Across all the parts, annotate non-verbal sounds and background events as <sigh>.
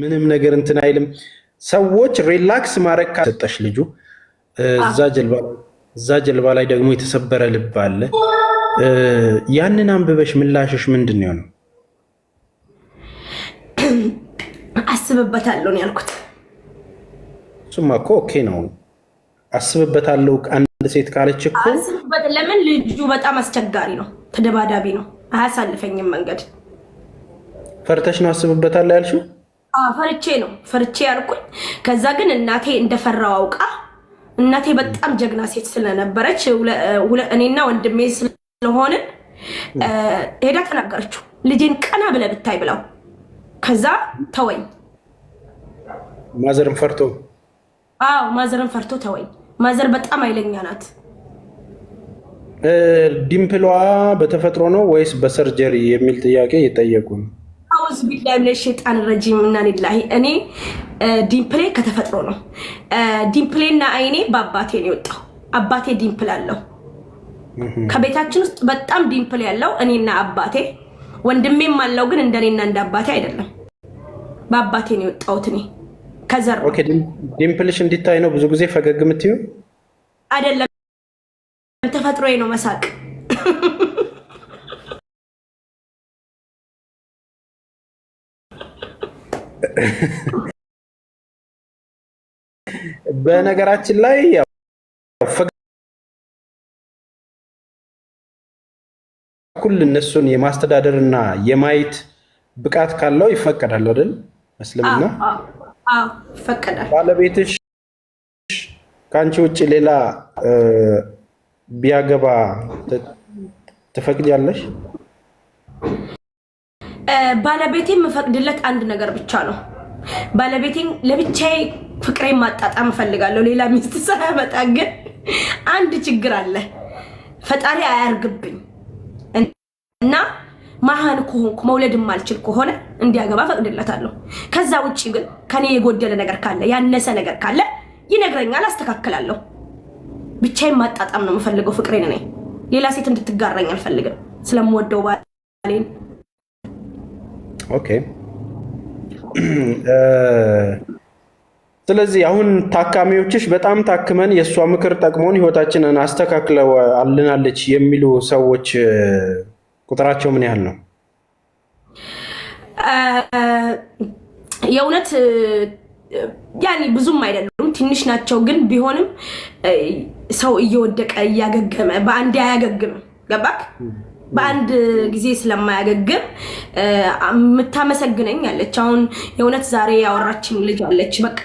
ምንም ነገር እንትን አይልም። ሰዎች ሪላክስ ማድረግ ካሰጠሽ ልጁ እዛ ጀልባ ላይ ደግሞ የተሰበረ ልብ አለ። ያንን አንብበሽ ምላሽሽ ምንድን ነው አስብበታለሁ ያልኩት እሱማ እኮ ኦኬ ነው። አስብበታለሁ አንድ ሴት ካለች እኮ ለምን ልጁ በጣም አስቸጋሪ ነው፣ ተደባዳቢ ነው፣ አያሳልፈኝም መንገድ ፈርተሽ ነው አስብበታለሁ ያልሽው? ፈርቼ ነው ፈርቼ ያልኩኝ። ከዛ ግን እናቴ እንደፈራው አውቃ እናቴ በጣም ጀግና ሴት ስለነበረች እኔና ወንድሜ ስለሆንን ሄዳ ተናገረችው። ልጄን ቀና ብለህ ብታይ ብለው ከዛ ተወኝ። ማዘርን ፈርቶ አዎ፣ ማዘርን ፈርቶ ተወኝ። ማዘር በጣም አይለኛ ናት። ዲምፕሏ በተፈጥሮ ነው ወይስ በሰርጀሪ የሚል ጥያቄ እየጠየቁ ነው። አውዝ ቢላ ብለ ሸጣን ረጂም እና ሊላሂ እኔ ዲምፕሌ ከተፈጥሮ ነው። ዲምፕሌና አይኔ በአባቴ ነው የወጣው። አባቴ ዲምፕል አለው። ከቤታችን ውስጥ በጣም ዲምፕል ያለው እኔና አባቴ፣ ወንድሜም አለው ግን እንደኔና እንደ አባቴ አይደለም። በአባቴ ነው የወጣሁት እኔ ከዘር። ኦኬ ዲምፕልሽ እንዲታይ ነው ብዙ ጊዜ ፈገግ የምትዩ አይደለም። ተፈጥሮዬ ነው መሳቅ <laughs> በነገራችን ላይ ኩል እነሱን የማስተዳደርና የማየት ብቃት ካለው ይፈቀዳል አይደል? እስልምና ይፈቀዳል። ባለቤትሽ ከአንቺ ውጭ ሌላ ቢያገባ ትፈቅጃለሽ? ባለቤቴ የምፈቅድለት አንድ ነገር ብቻ ነው። ባለቤቴን ለብቻዬ ፍቅሬ ማጣጣም እፈልጋለሁ፣ ሌላ ሚስት ሳያመጣ። ግን አንድ ችግር አለ፣ ፈጣሪ አያርግብኝ እና መሀን ከሆንኩ መውለድ ማልችል ከሆነ እንዲያገባ ፈቅድለታለሁ። ከዛ ውጭ ግን ከኔ የጎደለ ነገር ካለ ያነሰ ነገር ካለ ይነግረኛል፣ አስተካክላለሁ። ብቻዬን ማጣጣም ነው የምፈልገው ፍቅሬን። እኔ ሌላ ሴት እንድትጋራኝ አልፈልግም፣ ስለምወደው ባሌን ኦኬ። <clears throat> <clears throat> ስለዚህ አሁን ታካሚዎችሽ በጣም ታክመን የእሷ ምክር ጠቅሞን ህይወታችንን አስተካክለው አልናለች የሚሉ ሰዎች ቁጥራቸው ምን ያህል ነው? የእውነት ያኔ ብዙም አይደሉም፣ ትንሽ ናቸው። ግን ቢሆንም ሰው እየወደቀ እያገገመ በአንድ አያገግምም። ገባክ? በአንድ ጊዜ ስለማያገግም የምታመሰግነኝ አለች። አሁን የእውነት ዛሬ ያወራችን ልጅ አለች። በቃ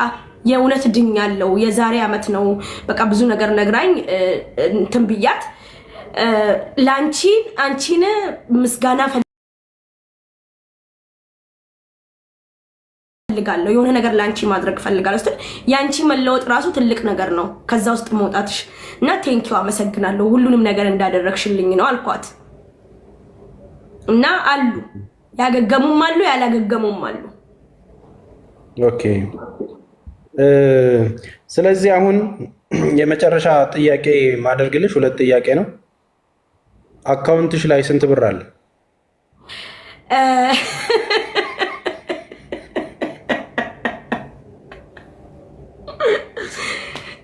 የእውነት ድኛለሁ። የዛሬ ዓመት ነው በቃ ብዙ ነገር ነግራኝ እንትን ብያት ለአንቺ አንቺን ምስጋና ፈልጋለሁ የሆነ ነገር ለአንቺ ማድረግ ፈልጋለሁ ስትል የአንቺ መለወጥ ራሱ ትልቅ ነገር ነው። ከዛ ውስጥ መውጣትሽ እና ቴንኪው አመሰግናለሁ ሁሉንም ነገር እንዳደረግሽልኝ ነው አልኳት። እና አሉ ያገገሙም አሉ ያላገገሙም አሉ። ኦኬ ስለዚህ አሁን የመጨረሻ ጥያቄ ማደርግልሽ ሁለት ጥያቄ ነው። አካውንትሽ ላይ ስንት ብር አለ?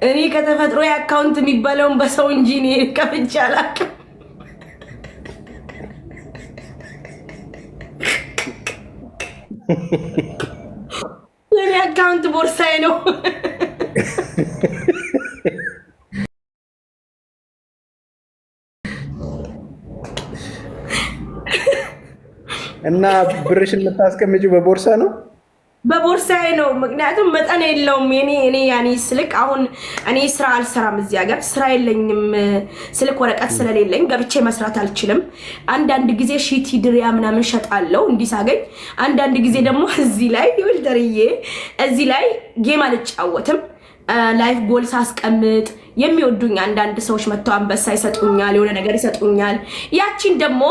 እኔ ከተፈጥሮ የአካውንት የሚባለውን በሰው እንጂ እኔ ከፍቼ አላውቅም። የኔ አካውንት ቦርሳዬ ነው። እና ብርሽን የምታስቀምጪው በቦርሳ ነው? በቦርሳዬ ነው። ምክንያቱም መጠን የለውም የኔ እኔ ያኔ ስልክ አሁን እኔ ስራ አልሰራም እዚህ ሀገር ስራ የለኝም። ስልክ ወረቀት ስለሌለኝ ገብቼ መስራት አልችልም። አንዳንድ ጊዜ ሺቲ ድሪያ ምናምን ሸጣለው እንዲሳገኝ። አንዳንድ ጊዜ ደግሞ <laughs> እዚህ ላይ ይወልደርዬ እዚህ ላይ ጌም አልጫወትም። ላይፍ ጎል ሳስቀምጥ የሚወዱኝ አንዳንድ ሰዎች መጥተው አንበሳ ይሰጡኛል፣ የሆነ ነገር ይሰጡኛል። ያቺን ደግሞ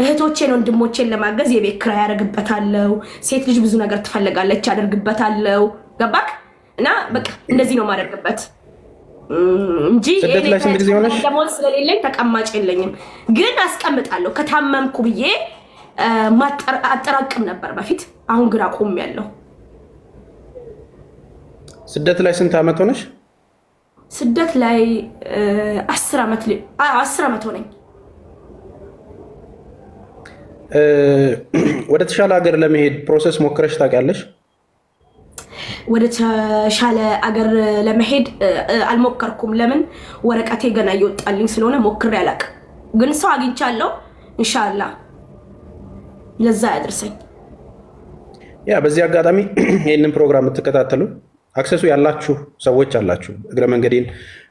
እህቶቼን ወንድሞቼን ለማገዝ የቤት ክራ ያደርግበታለው። ሴት ልጅ ብዙ ነገር ትፈልጋለች፣ ያደርግበታለው። ገባክ? እና በቃ እንደዚህ ነው የማደርግበት እንጂ ደሞዝ ስለሌለኝ ተቀማጭ የለኝም፣ ግን አስቀምጣለሁ። ከታመምኩ ብዬ አጠራቅም ነበር በፊት። አሁን ግን ያለው ስደት ላይ ስንት ዓመት ሆነሽ? ስደት ላይ አስር ዓመት ሆነኝ። ወደ ተሻለ ሀገር ለመሄድ ፕሮሰስ ሞክረሽ ታውቂያለሽ? ወደ ተሻለ አገር ለመሄድ አልሞከርኩም። ለምን ወረቀቴ ገና እየወጣልኝ ስለሆነ ሞክሬ አላውቅም። ግን ሰው አግኝቻለሁ። እንሻላ ለዛ ያድርሰኝ። ያ በዚህ አጋጣሚ <clears throat> ይህንን ፕሮግራም የምትከታተሉ አክሰሱ ያላችሁ ሰዎች አላችሁ፣ እግረ መንገዴን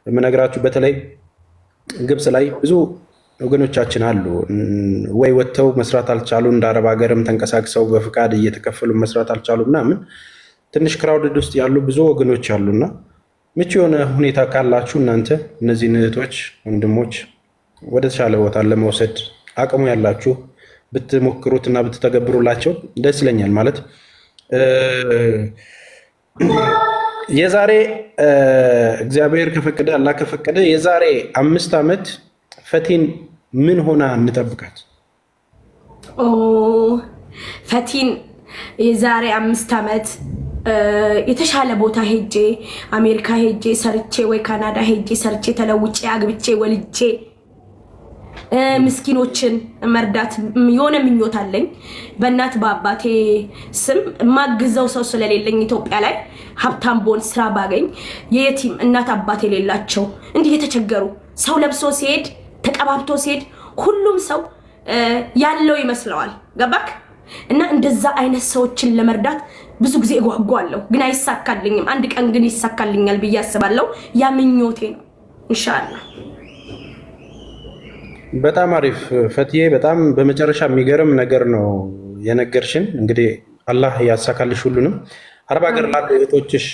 የምነግራችሁ በተለይ ግብፅ ላይ ብዙ ወገኖቻችን አሉ ወይ ወጥተው መስራት አልቻሉ፣ እንደ አረብ ሀገርም ተንቀሳቅሰው በፍቃድ እየተከፈሉ መስራት አልቻሉ ምናምን ትንሽ ክራውድድ ውስጥ ያሉ ብዙ ወገኖች አሉና ምቹ የሆነ ሁኔታ ካላችሁ እናንተ እነዚህ እህቶች ወንድሞች ወደ ተሻለ ቦታ ለመውሰድ አቅሙ ያላችሁ ብትሞክሩት እና ብትተገብሩላቸው ደስ ይለኛል። ማለት የዛሬ እግዚአብሔር ከፈቀደ አላህ ከፈቀደ የዛሬ አምስት ዓመት ፈቲን ምን ሆና እንጠብቃት? ፈቲን የዛሬ አምስት ዓመት የተሻለ ቦታ ሄጄ አሜሪካ ሄጄ ሰርቼ ወይ ካናዳ ሄጄ ሰርቼ ተለውጬ አግብቼ ወልጄ ምስኪኖችን መርዳት የሆነ ምኞት አለኝ። በእናት በአባቴ ስም የማግዘው ሰው ስለሌለኝ ኢትዮጵያ ላይ ሀብታም ቦን ስራ ባገኝ የየቲም እናት አባት የሌላቸው እንዲህ የተቸገሩ ሰው ለብሶ ሲሄድ ተቀባብቶ ሲሄድ ሁሉም ሰው ያለው ይመስለዋል። ገባክ? እና እንደዛ አይነት ሰዎችን ለመርዳት ብዙ ጊዜ እጓጓለሁ፣ ግን አይሳካልኝም። አንድ ቀን ግን ይሳካልኛል ብዬ አስባለሁ። ያ ምኞቴ ነው። እንሻላ በጣም አሪፍ ፈትዬ። በጣም በመጨረሻ የሚገርም ነገር ነው የነገርሽን። እንግዲህ አላህ ያሳካልሽ ሁሉንም። አረብ ሀገር ላሉ እህቶችሽ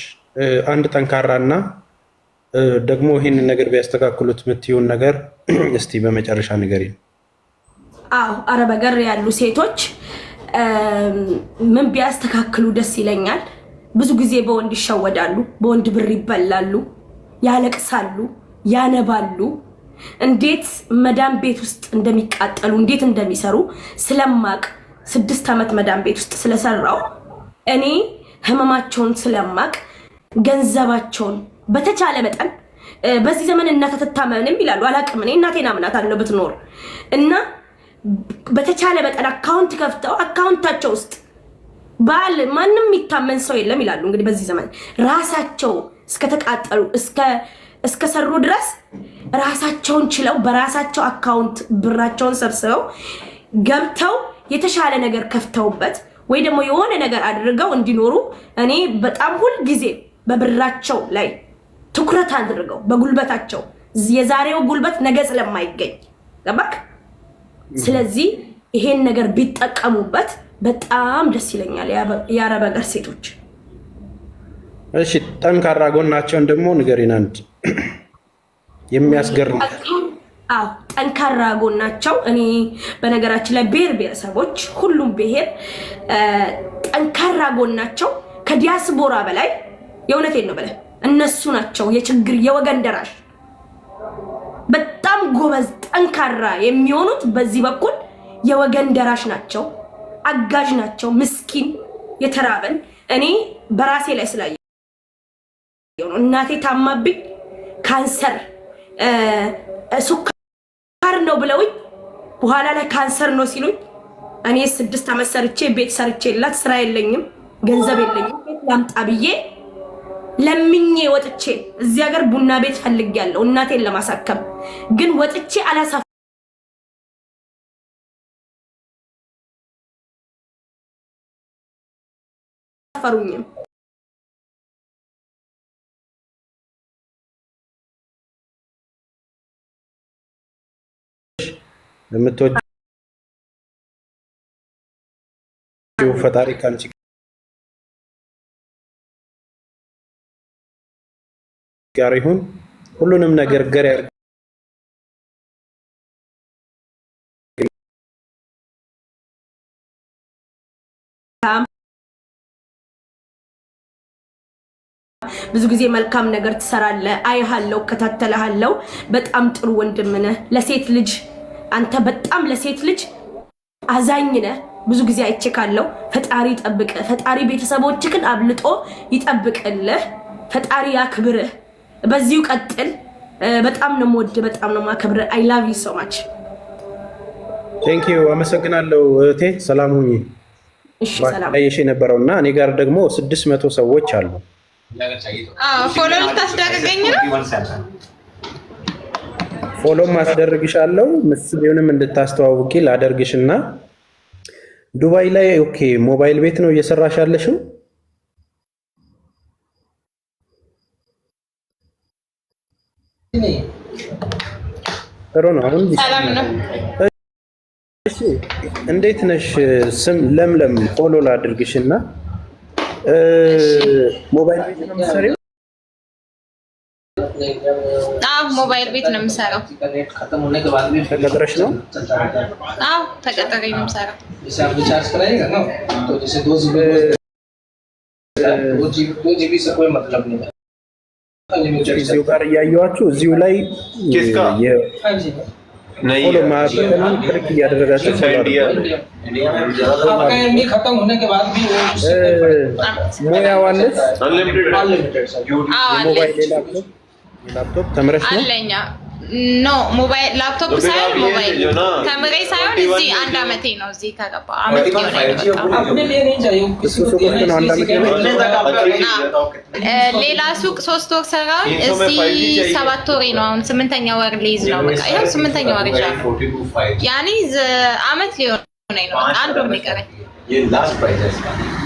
አንድ ጠንካራና ደግሞ ይህን ነገር ቢያስተካክሉት የምትይውን ነገር <clears throat> እስቲ በመጨረሻ ንገሪኝ። አዎ አረብ አገር ያሉ ሴቶች ምን ቢያስተካክሉ ደስ ይለኛል? ብዙ ጊዜ በወንድ ይሸወዳሉ፣ በወንድ ብር ይበላሉ፣ ያለቅሳሉ፣ ያነባሉ። እንዴት መዳም ቤት ውስጥ እንደሚቃጠሉ እንዴት እንደሚሰሩ ስለማቅ ስድስት ዓመት መዳም ቤት ውስጥ ስለሰራው እኔ ህመማቸውን ስለማቅ ገንዘባቸውን በተቻለ መጠን በዚህ ዘመን እናት አትታመንም ይላሉ። አላቅም እኔ እናቴን አምናታለሁ ብትኖር እና በተቻለ መጠን አካውንት ከፍተው አካውንታቸው ውስጥ ባል ማንም የሚታመን ሰው የለም ይላሉ። እንግዲህ በዚህ ዘመን ራሳቸው እስከተቃጠሉ እስከሰሩ ድረስ ራሳቸውን ችለው በራሳቸው አካውንት ብራቸውን ሰብስበው ገብተው የተሻለ ነገር ከፍተውበት ወይ ደግሞ የሆነ ነገር አድርገው እንዲኖሩ እኔ በጣም ሁል ጊዜ በብራቸው ላይ ትኩረት አድርገው በጉልበታቸው የዛሬው ጉልበት ነገ ስለማይገኝ ገባክ? ስለዚህ ይሄን ነገር ቢጠቀሙበት በጣም ደስ ይለኛል። የአረብ ሀገር ሴቶች እሺ፣ ጠንካራ ጎናቸውን ደግሞ ንገሪን። አንድ የሚያስገርም አዎ ጠንካራ ጎናቸው እኔ በነገራችን ላይ ብሔር ብሔረሰቦች ሁሉም ብሔር ጠንካራ ጎናቸው ከዲያስፖራ በላይ የእውነቴን ነው በላይ እነሱ ናቸው የችግር የወገን ደራሽ በጣም ጎበዝ ጠንካራ የሚሆኑት በዚህ በኩል የወገን ደራሽ ናቸው፣ አጋዥ ናቸው። ምስኪን የተራበን እኔ በራሴ ላይ ስላየ እናቴ ታማብኝ ካንሰር ሱካር ነው ብለውኝ በኋላ ላይ ካንሰር ነው ሲሉኝ እኔ ስድስት ዓመት ሰርቼ ቤት ሰርቼ ላት ስራ የለኝም ገንዘብ የለኝም ላምጣ ብዬ ለምኜ ወጥቼ እዚህ ሀገር ቡና ቤት ፈልጌያለሁ እናቴን ለማሳከም ግን ወጥቼ አላሳ አልፈሩኝም የምትወጪው ፈጣሪ ካንቺ ጋር ይሁን ሁሉንም ነገር ገር ብዙ ጊዜ መልካም ነገር ትሰራለህ፣ አይሃለው፣ እከታተልሃለው። በጣም ጥሩ ወንድም ነህ። ለሴት ልጅ አንተ በጣም ለሴት ልጅ አዛኝ ነህ። ብዙ ጊዜ አይቼካለው። ፈጣሪ ይጠብቅህ። ፈጣሪ ቤተሰቦችህን አብልጦ ይጠብቅልህ። ፈጣሪ ያክብርህ። በዚሁ ቀጥል። በጣም ነው የምወድ፣ በጣም ነው የማከብር። አይ ላቭ ዩ ሶ ማች ቴንክ ዩ። አመሰግናለሁ እህቴ። ሰላም ሁኚ። ባየሽ የነበረው እና እኔ ጋር ደግሞ ስድስት መቶ ሰዎች አሉ። ፎሎ ልታስደርገኝ ነው? ፎሎም አስደርግሻለሁ። ምስሌንም እንድታስተዋውቂ ላደርግሽ እና ዱባይ ላይ ኦኬ፣ ሞባይል ቤት ነው እየሰራሽ ያለሽው? ጥሩ ነው። አሁን እሺ፣ እንዴት ነሽ? ስም ለምለም ፎሎ ላድርግሽ እና ሞባይል ቤት ነው የምትሰሪው? አዎ፣ ሞባይል ቤት ነው የምሰራው። ተቀጥረሽ ነው? አዎ፣ ተቀጥሬ ነው የምሰራው። እዚሁ ጋር እያየኋችሁ እዚሁ ላይ ፎሎ ማህበርን ክሊክ እያደረጋችሁ ሞያዋነት የሞባይል ላፕቶፕ ተምረሽ ነው። ኖ ሞባይል ላፕቶፕ ሳይሆን ሞባይል ተምሬ ሳይሆን እዚህ አንድ አመቴ ነው። እዚህ ከገባ ሌላ ሱቅ ሶስት ወር ሰራ፣ እዚህ ሰባት ወሬ ነው። አሁን ስምንተኛ ወር ሊይዝ ነው። በቃ ይኸው ስምንተኛ ወር ይዣለሁ። ያኔ አመት ሊሆን ነው። አንድ ወር ነው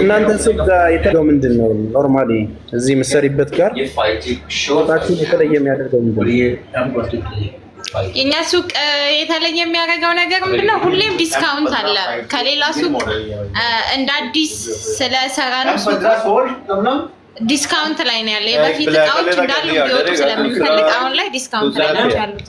እናንተ ሱቅ ጋር የተለው ምንድን ነው? ኖርማሊ እዚህ የምትሰሪበት ጋር ቦታችን የተለየ የሚያደርገው ምንድን ነው? የእኛ ሱቅ የተለየ የሚያደርገው ነገር ምንድነው? ሁሌም ዲስካውንት አለ ከሌላ ሱቅ። እንደ አዲስ ስለሰራ ነው ሱቅ ዲስካውንት ላይ ነው ያለ። የበፊት እቃዎች እንዳሉ ሊወጡ ስለምንፈልግ አሁን ላይ ዲስካውንት ላይ ናቸው ያሉት።